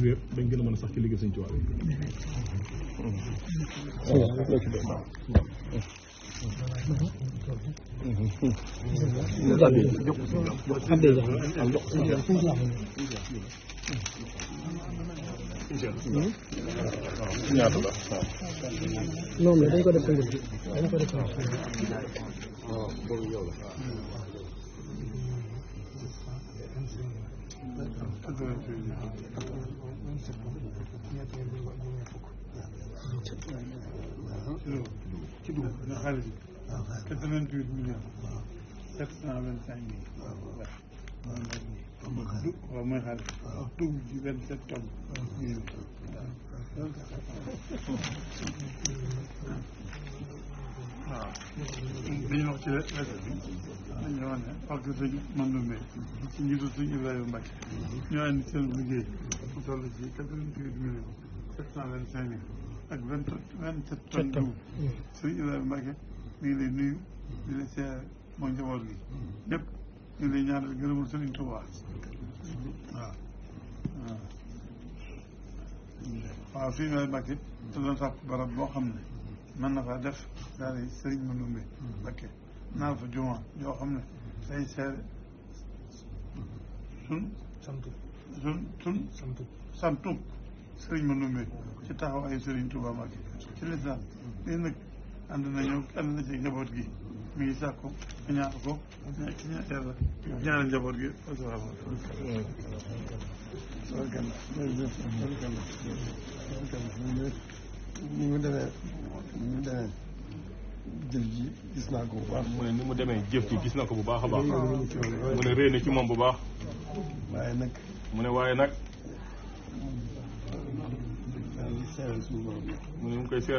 àdduna yëpp dañ gën a mën a sax ci liggéey Sëñ Tuubaa noonu la dañ ko def ko njëkk dañ ko def ko ci dugub na xaalis bi ñu wax ci lettre bi dañuy wax ne fàgg sëñ Mandoumbe ci njiitu sëñ Ibrahima Mbacke ñoo andi seen liggéey mu toll ci quatre-vingt-huit millions sept cent vingt-cinq mille ak vingt vingt-sept tonnes dugub sëñ Ibrahima Mbacke mi ngi lay nuyu di la seer mooy njaboot gi ñëpp ñu ngi lay ñaanal gërëmul sëñ Touba waaw waaw sëñ Ibrahima Mbacke te doon sàpp barab boo xam ne mën na faa def daal di sëriñ Mandoumbe fekke naa fa juma yoo xam ne day seere sun santu sun sun santu santu sëriñ ma numbe ci taxawaayu sëriñ Tuubaa Mbàkke ci lislaam lii nag ànd nañu ànd na ci njaboot gi mi ngi sàkku ñu ñaan ko ci ñaan yàlla ñaanal njaboot gi asalaamaaleykum jëf ji gis naa ko bu baax. mu ne ni mu demee jëf ji gis na ko bu baax a baax. mu ne réy na ci moom bu baax. waaye nag. mu ne waaye nag. mu ne mu koy seer.